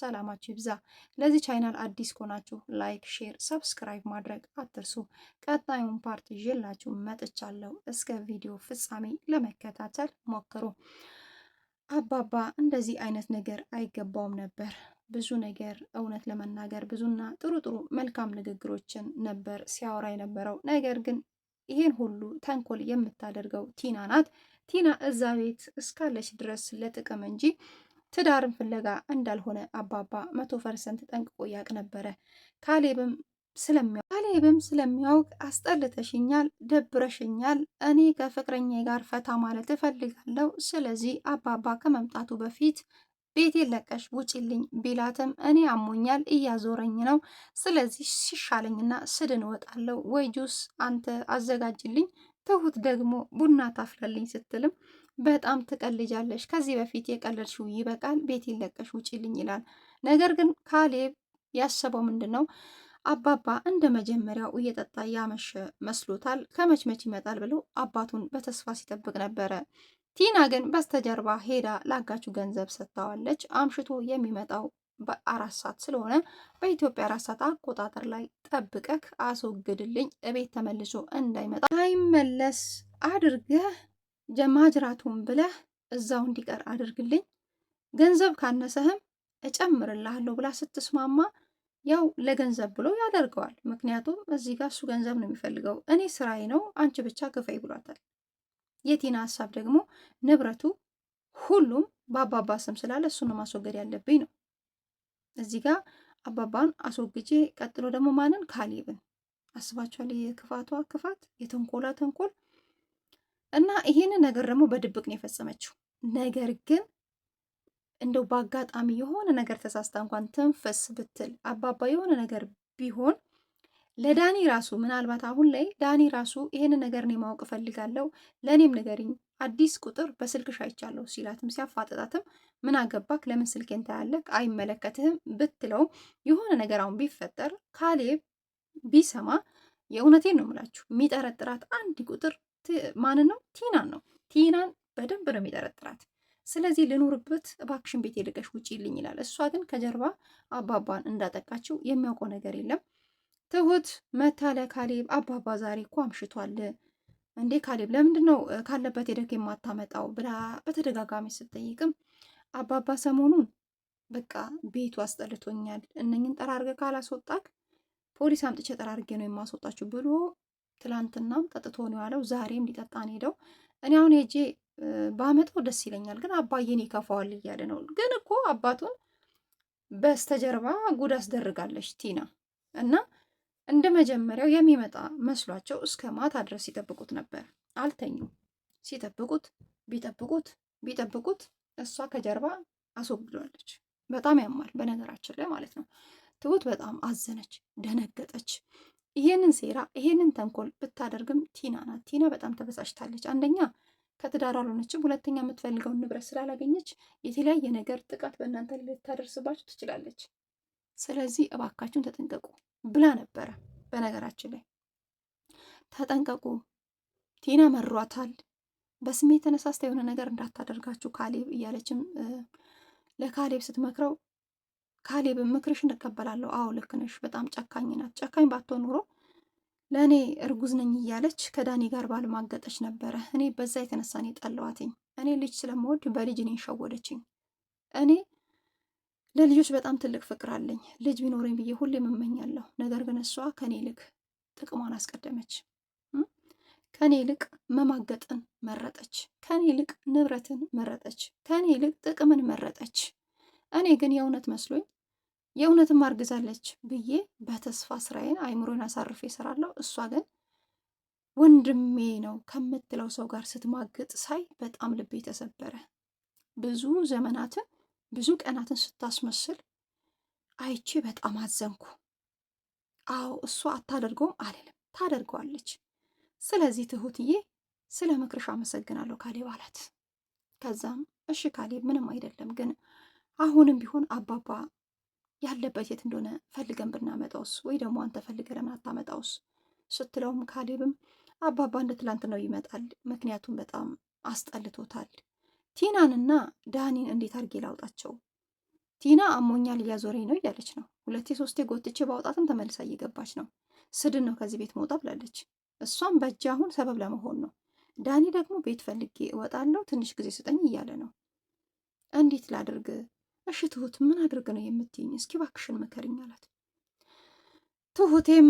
ሰላማችሁ ይብዛ። ለዚህ ቻይናል አዲስ ከሆናችሁ ላይክ፣ ሼር፣ ሰብስክራይብ ማድረግ አትርሱ። ቀጣዩን ፓርት ይዤላችሁ መጥቻለሁ። እስከ ቪዲዮ ፍጻሜ ለመከታተል ሞክሩ። አባባ እንደዚህ አይነት ነገር አይገባውም ነበር። ብዙ ነገር እውነት ለመናገር ብዙና ጥሩ ጥሩ መልካም ንግግሮችን ነበር ሲያወራ የነበረው። ነገር ግን ይሄን ሁሉ ተንኮል የምታደርገው ቲና ናት። ቲና እዛ ቤት እስካለች ድረስ ለጥቅም እንጂ ትዳርን ፍለጋ እንዳልሆነ አባባ መቶ ፐርሰንት ጠንቅቆ ያቅ ነበረ። ካሌብም ካሌብም ስለሚያውቅ አስጠልተሽኛል፣ ደብረሽኛል፣ እኔ ከፍቅረኛ ጋር ፈታ ማለት እፈልጋለሁ። ስለዚህ አባባ ከመምጣቱ በፊት ቤቴን ለቀሽ ውጪልኝ ቢላትም እኔ አሞኛል፣ እያዞረኝ ነው። ስለዚህ ሲሻለኝና ስድን እወጣለሁ። ወይ ጁስ አንተ አዘጋጅልኝ፣ ትሁት ደግሞ ቡና ታፍላልኝ ስትልም በጣም ትቀልጃለሽ፣ ከዚህ በፊት የቀለድሽው ይበቃል፣ ቤቴን ለቀሽ ውጪልኝ ይላል። ነገር ግን ካሌብ ያሰበው ምንድን ነው? አባባ እንደ መጀመሪያው እየጠጣ ያመሸ መስሎታል። ከመችመች ይመጣል ብለው አባቱን በተስፋ ሲጠብቅ ነበረ። ቲና ግን በስተጀርባ ሄዳ ላጋቹ ገንዘብ ሰጥታዋለች። አምሽቶ የሚመጣው በአራት ሰዓት ስለሆነ በኢትዮጵያ አራት ሰዓት አቆጣጠር ላይ ጠብቀህ አስወግድልኝ፣ እቤት ተመልሶ እንዳይመጣ አይመለስ አድርገህ ጀማጅራቱን ብለህ እዛው እንዲቀር አድርግልኝ፣ ገንዘብ ካነሰህም እጨምርልሃለሁ ብላ ስትስማማ ያው ለገንዘብ ብሎ ያደርገዋል። ምክንያቱም እዚህ ጋር እሱ ገንዘብ ነው የሚፈልገው። እኔ ስራዬ ነው፣ አንቺ ብቻ ክፈይ ብሏታል። የቲና ሀሳብ ደግሞ ንብረቱ ሁሉም በአባባ ስም ስላለ እሱን ነው ማስወገድ ያለብኝ ነው። እዚህ ጋር አባባን አስወግጄ ቀጥሎ ደግሞ ማንን? ካሊብን አስባችኋል? የክፋቷ ክፋት፣ የተንኮላ ተንኮል እና ይሄንን ነገር ደግሞ በድብቅ ነው የፈጸመችው። ነገር ግን እንደው በአጋጣሚ የሆነ ነገር ተሳስታ እንኳን ትንፈስ ብትል አባባ የሆነ ነገር ቢሆን ለዳኒ ራሱ ምናልባት አሁን ላይ ዳኒ ራሱ ይሄንን ነገር እኔ ማወቅ እፈልጋለሁ፣ ለእኔም ንገሪኝ፣ አዲስ ቁጥር በስልክሽ አይቻለሁ ሲላትም ሲያፋጠጣትም ምን አገባክ ለምን ስልኬን ታያለህ አይመለከትህም ብትለው የሆነ ነገር አሁን ቢፈጠር ካሌብ ቢሰማ የእውነቴን ነው የምላችሁ የሚጠረጥራት አንድ ቁጥር ማንን ነው? ቲናን ነው። ቲናን በደንብ ነው የሚጠረጥራት። ስለዚህ ልኖርበት እባክሽን ቤት የልቀሽ ውጪ ይልኝ ይላል። እሷ ግን ከጀርባ አባባን እንዳጠቃችው የሚያውቀው ነገር የለም። ትሁት መታለ ካሌብ አባባ ዛሬ እኮ አምሽቷል እንዴ ካሌብ ለምንድን ነው ካለበት ሄደክ የማታመጣው ብላ በተደጋጋሚ ስትጠይቅም አባባ ሰሞኑን በቃ ቤቱ አስጠልቶኛል፣ እነኝን ጠራርገ ካላስወጣክ ፖሊስ አምጥቼ ጠራርጌ ነው የማስወጣችሁ ብሎ ትላንትናም ጠጥቶ ነው ያለው። ዛሬም ሊጠጣን ሄደው እኔ አሁን ሄጄ ባመጣው ደስ ይለኛል፣ ግን አባዬን ይከፋዋል እያለ ነው። ግን እኮ አባቱን በስተጀርባ ጉድ አስደርጋለች ቲና እና እንደ መጀመሪያው የሚመጣ መስሏቸው እስከ ማታ ድረስ ሲጠብቁት ነበር። አልተኙም። ሲጠብቁት ቢጠብቁት ቢጠብቁት እሷ ከጀርባ አስወግደዋለች። በጣም ያማል፣ በነገራችን ላይ ማለት ነው። ትሁት በጣም አዘነች፣ ደነገጠች። ይሄንን ሴራ ይሄንን ተንኮል ብታደርግም ቲና ናት። ቲና በጣም ተበሳጭታለች። አንደኛ ከትዳር አልሆነችም፣ ሁለተኛ የምትፈልገውን ንብረት ስላላገኘች የተለያየ ነገር ጥቃት በእናንተ ላይ ልታደርስባችሁ ትችላለች። ስለዚህ እባካችሁን ተጠንቀቁ ብላ ነበረ። በነገራችን ላይ ተጠንቀቁ፣ ቲና መሯታል፣ በስሜት ተነሳስታ የሆነ ነገር እንዳታደርጋችሁ ካሌብ እያለችም ለካሌብ ስትመክረው ካሌብን ምክርሽን እቀበላለሁ። አዎ ልክ ነሽ፣ በጣም ጨካኝ ናት። ጨካኝ ባትሆን ኑሮ ለእኔ እርጉዝ ነኝ እያለች ከዳኒ ጋር ባልማገጠች ነበረ። እኔ በዛ የተነሳ እኔ ጠለዋትኝ። እኔ ልጅ ስለምወድ በልጅ እኔን ሸወደችኝ። እኔ ለልጆች በጣም ትልቅ ፍቅር አለኝ። ልጅ ቢኖረኝ ብዬ ሁሌም እመኛለሁ። ነገር ግን እሷ ከኔ ይልቅ ጥቅሟን አስቀደመች። ከኔ ይልቅ መማገጥን መረጠች። ከኔ ይልቅ ንብረትን መረጠች። ከኔ ይልቅ ጥቅምን መረጠች። እኔ ግን የእውነት መስሎኝ የእውነትም አርግዛለች ብዬ በተስፋ ስራዬን አይምሮን አሳርፌ እሰራለሁ። እሷ ግን ወንድሜ ነው ከምትለው ሰው ጋር ስትማግጥ ሳይ በጣም ልቤ ተሰበረ። ብዙ ዘመናትን ብዙ ቀናትን ስታስመስል አይቼ በጣም አዘንኩ። አዎ እሷ አታደርገውም አልልም፣ ታደርገዋለች። ስለዚህ ትሁትዬ ስለ ምክርሽ አመሰግናለሁ ካሌብ አላት። ከዛም እሺ ካሌብ ምንም አይደለም፣ ግን አሁንም ቢሆን አባባ ያለበት የት እንደሆነ ፈልገን ብናመጣውስ ወይ ደግሞ አንተ ፈልገ ለምን አታመጣውስ ስትለውም ካሌብም አባባ እንደ ትላንት ነው ይመጣል። ምክንያቱም በጣም አስጠልቶታል። ቲናንና ዳኒን እንዴት አድርጌ ላውጣቸው? ቲና አሞኛል እያዞረኝ ነው እያለች ነው። ሁለቴ ሶስቴ ጎትቼ ባውጣትም ተመልሳ እየገባች ነው። ስድን ነው ከዚህ ቤት መውጣ ብላለች። እሷም በእጅ አሁን ሰበብ ለመሆን ነው። ዳኒ ደግሞ ቤት ፈልጌ እወጣለሁ፣ ትንሽ ጊዜ ስጠኝ እያለ ነው። እንዴት ላድርግ እሺ ትሁት ምን አድርግ ነው የምትይኝ? እስኪ እባክሽን መከርኝ አላት። ትሁቴም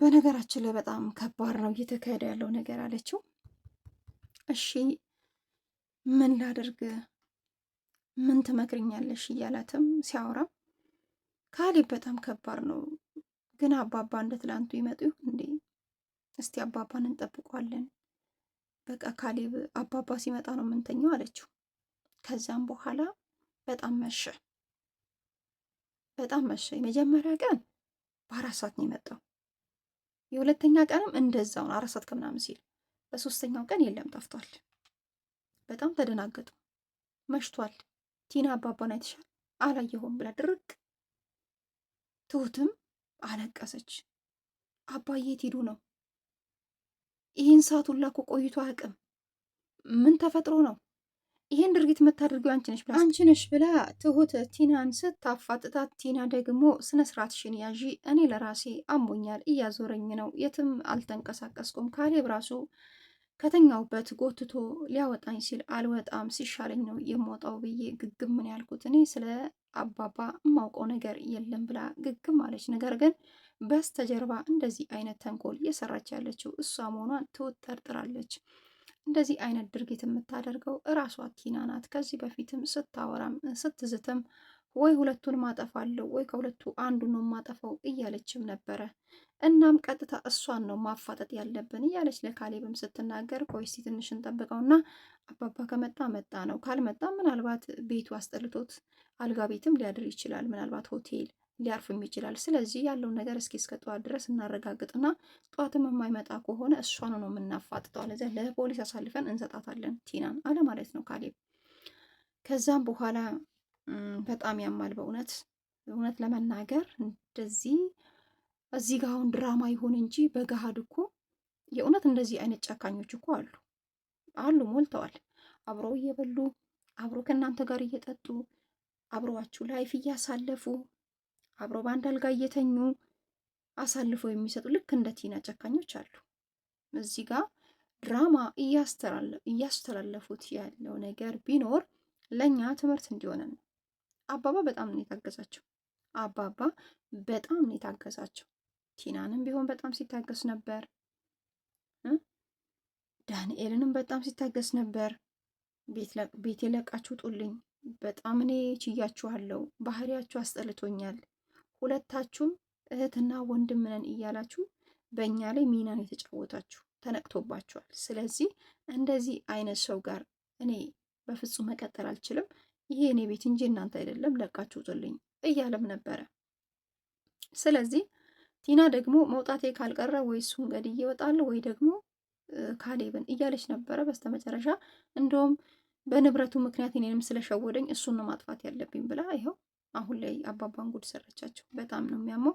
በነገራችን ላይ በጣም ከባድ ነው እየተካሄደ ያለው ነገር አለችው። እሺ ምን ላድርግ፣ ምን ትመክርኛለሽ? እያላትም ሲያወራም ካሌብ በጣም ከባድ ነው ግን አባባ እንደ ትላንቱ ይመጡ ይሁን እንዴ? እስቲ አባባን እንጠብቋለን። በቃ ካሌብ አባባ ሲመጣ ነው የምንተኘው አለችው። ከዛም በኋላ በጣም መሸ፣ በጣም መሸ። የመጀመሪያ ቀን በአራት ሰዓት ነው የመጣው። የሁለተኛ ቀንም ነው፣ አራት ሰዓት ከምናምን ሲል፣ በሶስተኛው ቀን የለም ጠፍቷል። በጣም ተደናገጡ። መሽቷል። ቲና አባባን አይተሻል? አላየሁም ብላ ድርቅ። ትሁትም አለቀሰች። አባዬ የት ሄዱ ነው? ይህን ሰዓት ሁላ እኮ ቆይቶ አያውቅም። ምን ተፈጥሮ ነው ይህን ድርጊት የምታደርገው አንቺ ነሽ ብላ አንቺ ነሽ ብላ ትሁት ቲናን ስታፋጥጣት፣ ቲና ደግሞ ስነስርዓት ያዢ፣ እኔ ለራሴ አሞኛል፣ እያዞረኝ ነው፣ የትም አልተንቀሳቀስኩም፣ ካሌብ ራሱ ከተኛውበት ጎትቶ ሊያወጣኝ ሲል አልወጣም ሲሻለኝ ነው የምወጣው ብዬ ግግም ምን ያልኩት እኔ ስለ አባባ የማውቀው ነገር የለም ብላ ግግም አለች። ነገር ግን በስተጀርባ እንደዚህ አይነት ተንኮል እየሰራች ያለችው እሷ መሆኗን ትውት ጠርጥራለች። እንደዚህ አይነት ድርጊት የምታደርገው እራሷ ቲና ናት። ከዚህ በፊትም ስታወራም ስትዝትም ወይ ሁለቱን ማጠፋለሁ ወይ ከሁለቱ አንዱ ነው ማጠፋው እያለችም ነበረ። እናም ቀጥታ እሷን ነው ማፋጠጥ ያለብን እያለች ለካሌብም ስትናገር፣ ቆይ እስቲ ትንሽ እንጠብቀውና አባባ ከመጣ መጣ ነው፣ ካልመጣ ምናልባት ቤቱ አስጠልቶት አልጋ ቤትም ሊያድር ይችላል፣ ምናልባት ሆቴል ሊያርፍም ይችላል። ስለዚህ ያለውን ነገር እስኪ እስከ ጠዋት ድረስ እናረጋግጥና ጠዋትም የማይመጣ ከሆነ እሷን ነው የምናፋጥጠው፣ አለዚያ ለፖሊስ አሳልፈን እንሰጣታለን ቲናን አለ ማለት ነው ካሌብ። ከዛም በኋላ በጣም ያማል በእውነት እውነት ለመናገር እንደዚህ እዚህ ጋር አሁን ድራማ ይሁን እንጂ በገሃድ እኮ የእውነት እንደዚህ አይነት ጨካኞች እኮ አሉ አሉ ሞልተዋል። አብረው እየበሉ አብሮ ከእናንተ ጋር እየጠጡ አብረዋችሁ ላይፍ እያሳለፉ አብሮ በአንድ አልጋ እየተኙ አሳልፎ የሚሰጡ ልክ እንደ ቲና ጨካኞች አሉ። እዚህ ጋር ድራማ እያስተላለፉት ያለው ነገር ቢኖር ለእኛ ትምህርት እንዲሆነ ነው። አባባ በጣም ነው የታገዛቸው። አባባ በጣም ነው የታገዛቸው። ቲናንም ቢሆን በጣም ሲታገስ ነበር። ዳንኤልንም በጣም ሲታገስ ነበር። ቤት የለቃችሁ ጡልኝ፣ በጣም እኔ ችያችኋለሁ፣ ባህሪያችሁ አስጠልቶኛል ሁለታችሁም እህትና ወንድም ነን እያላችሁ በእኛ ላይ ሚናን የተጫወታችሁ ተነቅቶባችኋል። ስለዚህ እንደዚህ አይነት ሰው ጋር እኔ በፍጹም መቀጠል አልችልም፣ ይሄ እኔ ቤት እንጂ እናንተ አይደለም፣ ለቃችሁ ውጡልኝ እያለም ነበረ። ስለዚህ ቲና ደግሞ መውጣቴ ካልቀረ ወይ እሱን ገድዬ እወጣለሁ ወይ ደግሞ ካሌብን እያለች ነበረ። በስተመጨረሻ እንደውም በንብረቱ ምክንያት እኔንም ስለሸወደኝ እሱን ማጥፋት ያለብኝ ብላ ይኸው አሁን ላይ አባባን ጉድ ሰራቻቸው። በጣም ነው የሚያመው።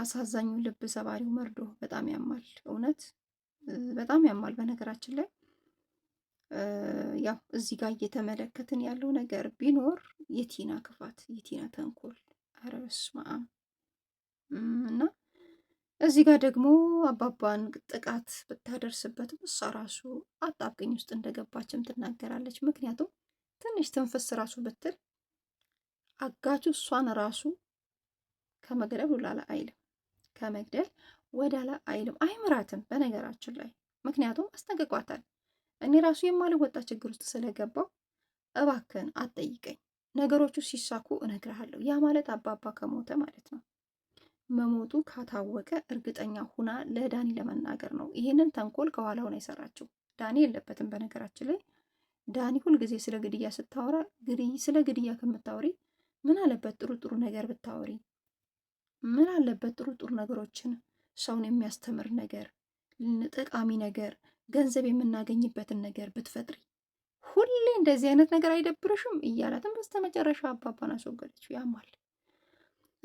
አሳዛኙ ልብ ሰባሪው መርዶ በጣም ያማል። እውነት በጣም ያማል። በነገራችን ላይ ያው እዚህ ጋር እየተመለከትን ያለው ነገር ቢኖር የቲና ክፋት፣ የቲና ተንኮል ኧረ በስመ አብ እና እዚህ ጋር ደግሞ አባባን ጥቃት ብታደርስበትም እሷ ራሱ አጣብቂኝ ውስጥ እንደገባችም ትናገራለች። ምክንያቱም ትንሽ ትንፍስ ራሱ ብትል አጋቹ እሷን ራሱ ከመግደል ወላላ አይልም፣ ከመግደል ወዳላ አይልም። አይምራትም በነገራችን ላይ ምክንያቱም አስጠንቅቋታል። እኔ ራሱ የማልወጣ ችግር ውስጥ ስለገባው እባክን አትጠይቀኝ፣ ነገሮቹ ሲሳኩ እነግርሃለሁ። ያ ማለት አባባ ከሞተ ማለት ነው። መሞቱ ካታወቀ እርግጠኛ ሁና ለዳኒ ለመናገር ነው። ይህንን ተንኮል ከኋላው ነው የሰራችው። ዳኒ የለበትም በነገራችን ላይ ዳኒ ሁልጊዜ ስለ ግድያ ስታወራ ስለ ግድያ ከምታወሪ ምን አለበት ጥሩ ጥሩ ነገር ብታወሪ? ምን አለበት ጥሩ ጥሩ ነገሮችን ሰውን የሚያስተምር ነገር፣ ጠቃሚ ነገር፣ ገንዘብ የምናገኝበትን ነገር ብትፈጥሪ። ሁሌ እንደዚህ አይነት ነገር አይደብርሽም? እያላትም በስተመጨረሻ አባባን አስወገደችው። ያማል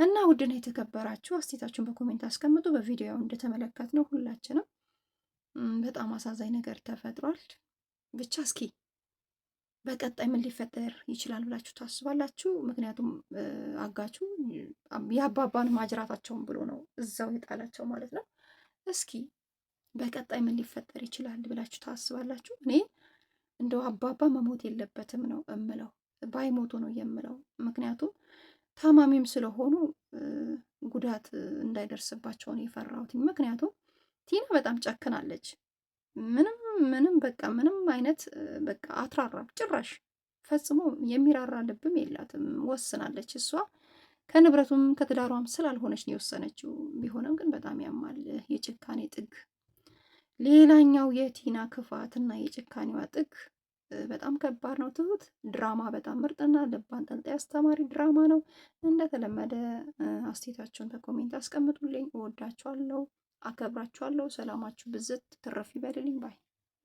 እና ውድና የተከበራችሁ አስቴታችሁን በኮሜንት አስቀምጡ። በቪዲዮ እንደተመለከት ነው ሁላችንም በጣም አሳዛኝ ነገር ተፈጥሯል። ብቻ እስኪ በቀጣይ ምን ሊፈጠር ይችላል ብላችሁ ታስባላችሁ? ምክንያቱም አጋቹ የአባባን ማጅራታቸውን ብሎ ነው እዛው የጣላቸው ማለት ነው። እስኪ በቀጣይ ምን ሊፈጠር ይችላል ብላችሁ ታስባላችሁ? እኔ እንደው አባባ መሞት የለበትም ነው እምለው፣ ባይሞቱ ነው የምለው። ምክንያቱም ታማሚም ስለሆኑ ጉዳት እንዳይደርስባቸው ነው የፈራሁት። ምክንያቱም ቲና በጣም ጨክናለች። ምንም ምንም በቃ ምንም አይነት በቃ አትራራም ጭራሽ ፈጽሞ የሚራራ ልብም የላትም። ወስናለች እሷ ከንብረቱም ከትዳሯም ስላልሆነች ነው የወሰነችው። ቢሆንም ግን በጣም ያማል የጭካኔ ጥግ። ሌላኛው የቲና ክፋትና የጭካኔዋ ጥግ በጣም ከባድ ነው። ትሁት ድራማ በጣም ምርጥና ልብ አንጠልጣይ አስተማሪ ድራማ ነው። እንደተለመደ አስተያየታችሁን በኮሜንት አስቀምጡልኝ። እወዳችኋለሁ፣ አከብራችኋለሁ። ሰላማችሁ ብዝት ትረፍ ይበልልኝ ባይ